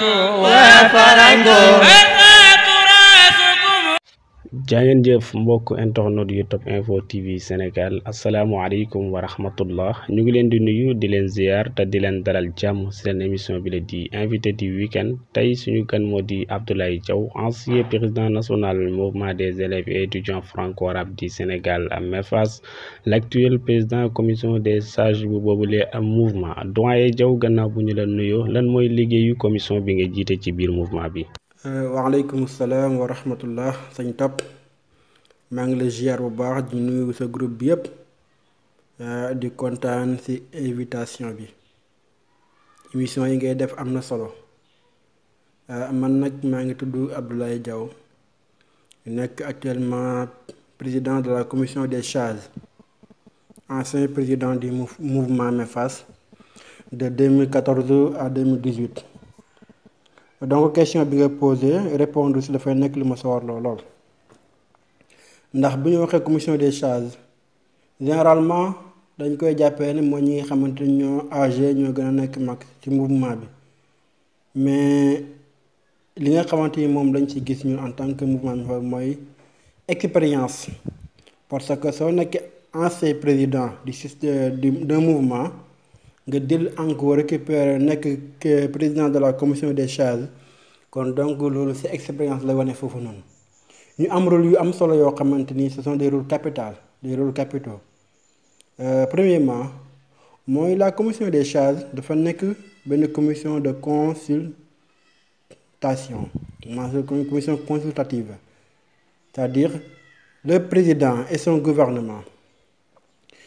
Wafarango. Wafarango. jaa ngeen jëf mbokk internet youtube Top Info TV Sénégal alaykum wa rahmatullah ñu ngi len di nuyu di len ziar ta di len dalal jamm sen émission bi la di invité du week-end suñu gan modi Abdoulaye Diaw ancien président national mouvement des élèves et étudiants franco-arabes du Sénégal mefas l'actuel président commission des sages bu boobule am mouvement doyen Diaw ganna bu ñu len nuyu lan moy liggéeyu commission bi nga jité ci bir mouvement bi. Euh, alaykum assalam wa rahmatullah sëñ Top. Je ngi la ziar bu groupe bi du ah, di kontaan ci invitation bi émission yi ngay def am na ah, man actuellement président de la commission des charges ancien président du mouvement MEFAS, de 2014 à 2018 donc question bi nga posé répondre ci dafay nekk lu ma sawar lool ndax bu ñu waxee commission des charges généralement dañ koy jàppee ne mooy ñi nga xamante ni ñoo âgé ñoo gën a nekk mag ci mouvement bi mais li nga xamante ni moom lañ ci gis ñun en tant que mouvement mooy expérience parce que soo nekkee ancien président du système euh, mouvement nga dellu encore récupérer nekk président de la commission des charges kon donc loolu ci expérience la wane foofu noonu. Nous avons rôle yu am solo yo ce sont des rôles capitaux des rôles capitaux euh, premièrement la commission des charges de que une commission de consultation une commission consultative c'est-à-dire le président et son gouvernement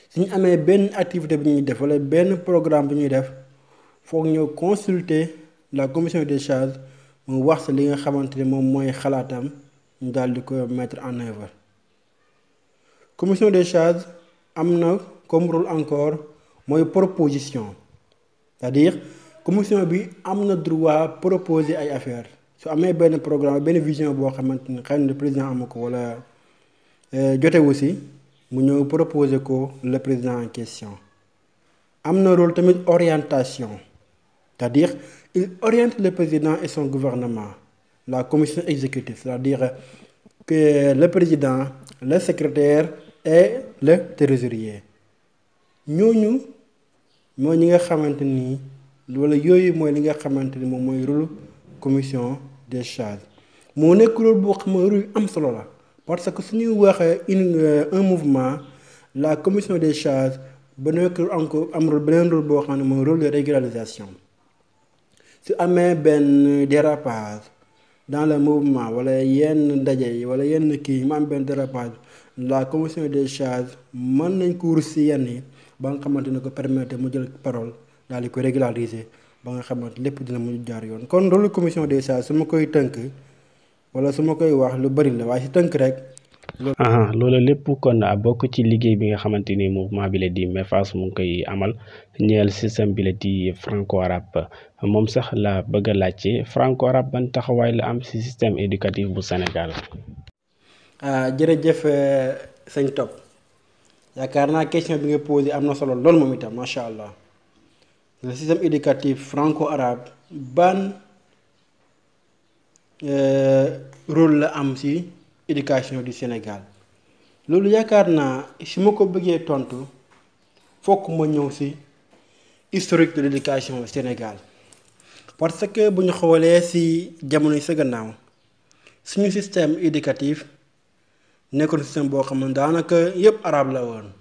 Si nous avons activité bi ñuy def programme il faut def consulter la commission des charges pour voir ce li nga xamante ne nous di mettre en œuvre commission des charges amna comme rôle encore une proposition c'est-à-dire commission bi le droit droit proposer ay affaires su un bon programme bonne vision que le ni le président am wala euh aussi nous mu ñeu proposer ko le président en question amna un rôle tamit orientation c'est-à-dire il oriente le président et son gouvernement la commission exécutive, c'est-à-dire que le président, le secrétaire et le trésorier. ñooñu nous ñi nga xamante ni wala nous mooy li nga xamante ni nous rôle commission des charges Mon nekk rôle boo rôle am parce que si nous waxee une euh, un mouvement la commission des charges ba nekk encore am rôle beneen rôle boo xam rôle de régularisation su amee benn dérapage dans le mouvement wala yenn ndaje yi wala yenn kii yi qui am benn dérapage la commission des charges mën nañ ko wër yenn ba nga xamante ne ko permettre mu jël parole daal di régulariser ba nga xamante lépp dina mu jaar yoon. kon loolu commission des charges su ma koy tënk wala su ma koy wax lu baril, la waaye si tënk rek. loola lépp kon a bokk ci liggéey bi nga xamante ni mouvement bi di MEEFAS mu ngi koy amal ñeel système bi di franco arabe moom sax la bëgg a laajte franco arabe ban taxawaay la am ci système éducatif bu Sénégal. Ah, jërëjëf euh, sëñ Top yaakaar naa question bi nga posé am na solo loolu moom itam macha allah le système éducatif franco arabe ban euh, rôle la am ci. éducation du Sénégal loolu yaakaar naa su ma ko tontu fokk ma ñëw ci historique de l'éducation au Sénégal parce que bu ñu xoolee ci jamono yi gannaaw suñu système éducatif nekkoon système bo xamna danaka yépp arab la woon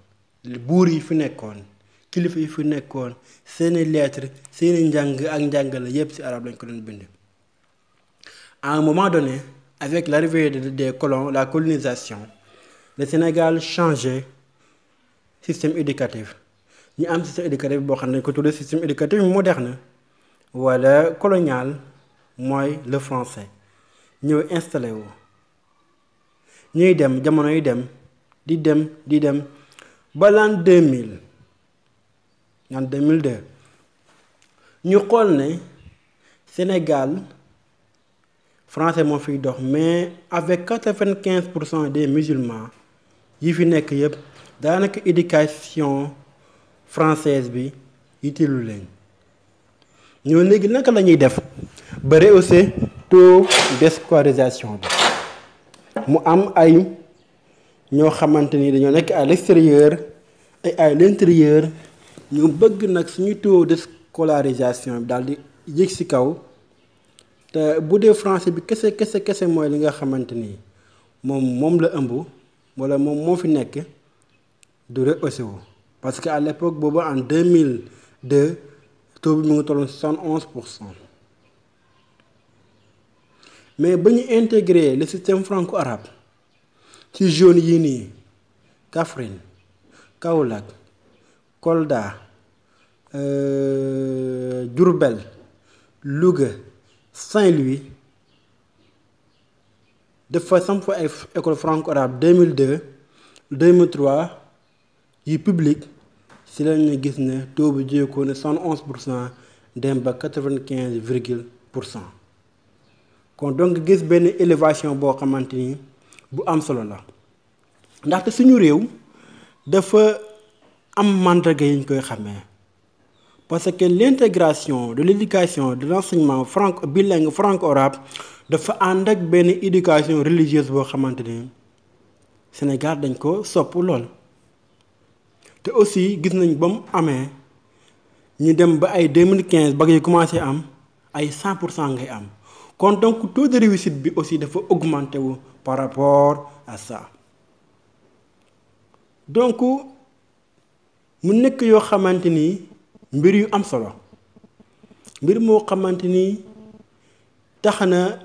bour yi fi nekkoon kilifa yi fi nekkoon seeni lettre seeni njàng ak njàngale yépp ci arab lañ ko doon bind à un moment donné avec l'arrivée des colons, la colonisation, le Sénégal changeait système éducatif avons système éducatif Nous avons système éducatif moderne wala colonial moi le français l'avons installé Nous avons jamono Nous di di l'an nous Sénégal français mo fi dox mais avec 95% des musulmans yi fi nek yeb danaka éducation française bi yitteelu leen ñoo léegi naka lañuy def ba rehausser taux d'escolarisation bi mu am ay ñoo xamanteni ni dañoo à l'extérieur et à l'intérieur ñu bëgg nak suñu taux d'escolarisation dal di yéeg ci kaw te bu dee français bi kese kese kese mooy li nga xamante ni moom moom la ëmb wala moom moo fi nekk du aussi wu parce que à l'époque boobu en 2002 taux bi mu ngi 71 pour cent mais ba ñu intégré le système franco-arabe ci jaune yii nii Kaffrine Kaolack Kolda euh, Djourbel, Louga. Saint-Louis de façon pour école franco-arabe 2002 2003 le public si la ñu gis ne taux de jéekoo ne 71 d'emba 95 pour kon donc gis élévation boo xamante ni bu am solo la ndaxte suñu réew dafa am màndarga yi parce que l'intégration de l'éducation de l'enseignement franc bilingue franco-arabe de faire une éducation religieuse vous savez. ne Sénégal dañ ko pour lool Et aussi nous nañ ba que nous avons dem ba 2015 ba ngay commencé à 100 pour cent donc taux de réussite bi aussi dafa augmenté par rapport à ça donc mu que vous savez mbir yu am solo mbir moo xamante ni tax na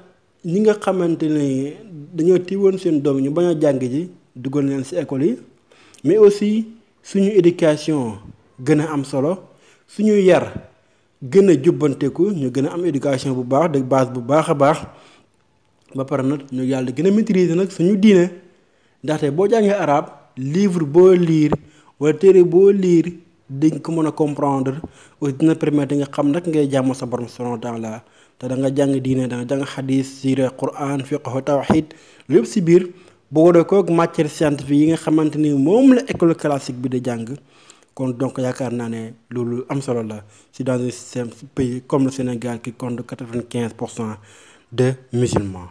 ñi nga xamante ni dañoo tiwoon seen doom ñu bañ a jàng ji dugal leen ci école yi mais aussi suñu éducation gën a am solo suñu yar gën a jubbanteku ñu gën a am éducation bu baax de base bu baax a baax ba pare nag ñu yàlla gën a maîtriser nag suñu diine ndaxte boo jàngee arab livre boo liir wala téere boo liir di ko mën a comprendre aussi dina permettre nga xam nak ngay jàmm sa borom sono dans la te da nga jàng diine da nga jàng hadith sira quran fiqhu tawhid lépp si biir bu ko doy koog matière scientifique yi nga xamante ni la école classique bi di jàng kon donc yaakaar naa ne loolu am solo la si dans un pays comme le sénégal qui compte 95 de musulmans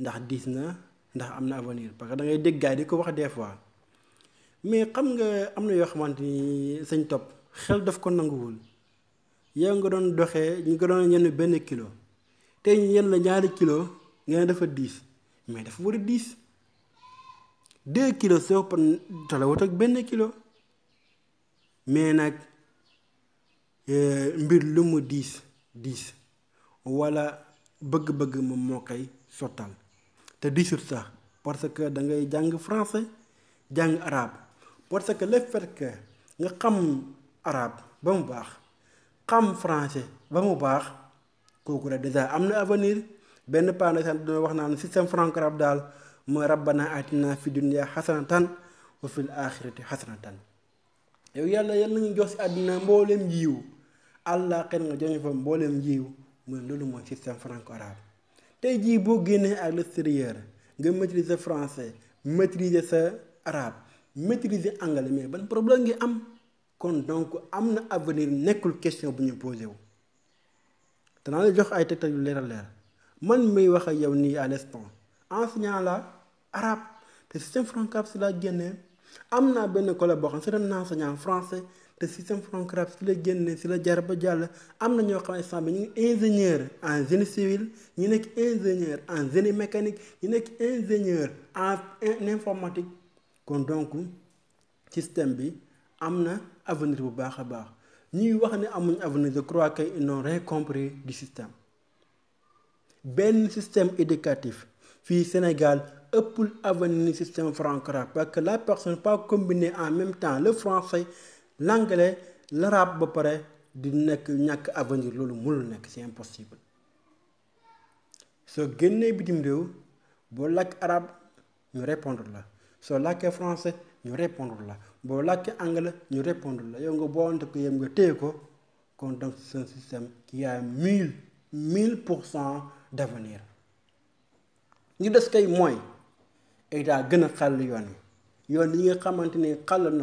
ndax dis na ndax am na avenir parce que da ngay dégg gaay di ko wax des fois mais xam nga am na yoo xamante ni sañ topp xel daf ko nanguwul yow nga doon doxee ñu nga doon ñenn benn kilo te ñu yenn la ñaari kilo nga dafa diis mais dafa war a diis deux kilo soo pan talawut ak benn kilo mais nag e, mbir lu mu diis diis wala bëgg-bëgg moom moo koy sottal te diisut sax parce que dangay jàng français jàng arabe parce que le fait que nga xam arabe ba mu baax xam français ba mu baax kooku rek dèjà am na avenir benn paa na sax dina wax naan système franco arabe daal mooy rabbana atina fi dunya xasanatan wa fil axirati xasanatan yow yàlla yàlla nañu jox si àddina mbooleem jiw àllaa xel nga joxe fa mbooleem jiw mooy loolu mooy système franco arabe. tey jii boo génnee à l'extérieur nga maîtriser français maîtriser sa arabe maîtriser anglais mais ban problème ngi am kon donc amna avenir nekul question bu ñu poser wu. danaa la jox ay tegtal yu leer a man miy wax ak yow ni à l'instant enseignant la arabe te système franco la si amna ben am naa benn collègue boo xam enseignant français. Le système FRONCRAP si la génne si la jar ba jàll ñoo xam ingénieur en génie civil ñu nekk ingénieur en génie mécanique ñu nekk ingénieur en informatique kon donc système bi amna avenir bu baax a baax ñuy wax ne amuñ avenir je crois que ils n'ont rien compris du système ben système éducatif fi Sénégal ëppul avenir système FRONCRAP parce que la personne pas combiner en même temps le français l'anglais l'arabe ba paré di pas ñak avenir c'est impossible Ce qui bitim qui plus lak arabe ñu répondre la français ñu répondre la anglais ñu répondre la yow nga ko un système qui a 1000% 1000 d'avenir ñu des kay mooy état gëna a yoon yoon nga ni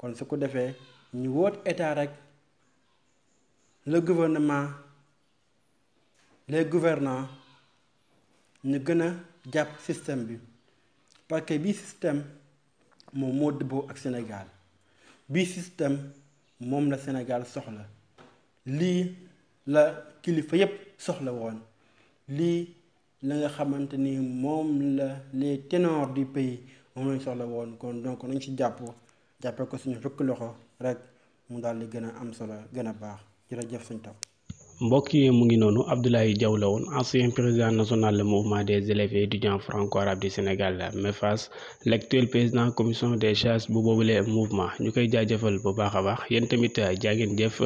kon su ko defee ñu wóot état rek le gouvernement les gouvernants ñu gën a jàpp système bi parce que bi système moom moo dëbboo ak Sénégal bi système moom la Sénégal soxla lii la kilifa yépp soxla woon lii la nga xamante ni moom la les ténors du pays moom lañ soxla woon kon donc nañ ci jàpp jàppee ko suñu rukk loxo rek mu daal di gën a am solo gën a baax jërëjëf suñ tam mbokk yi mu ngi noonu Abdoulaye Diaw la woon ancien président national du mouvement des élèves et étudiants franco-arabes du Sénégal MEEFAS l'actuel président commission des charges bu boobule mouvement ñu koy jaajëfal bu baax a baax yéen tamit euh, jaa ngeen jëf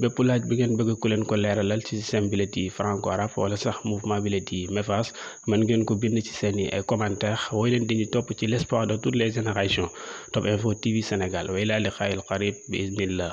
bépp laaj bi ngeen bëgg ku leen ko leeralal ci système bilet yi franco-arabe wala sax mouvement bilet yi MEEFAS mën ngeen ko bind ci seen i euh, commentaire wooy leen di ñu topp ci l'espoir de toutes les générations Top Info TV Sénégal way laa bi iznillah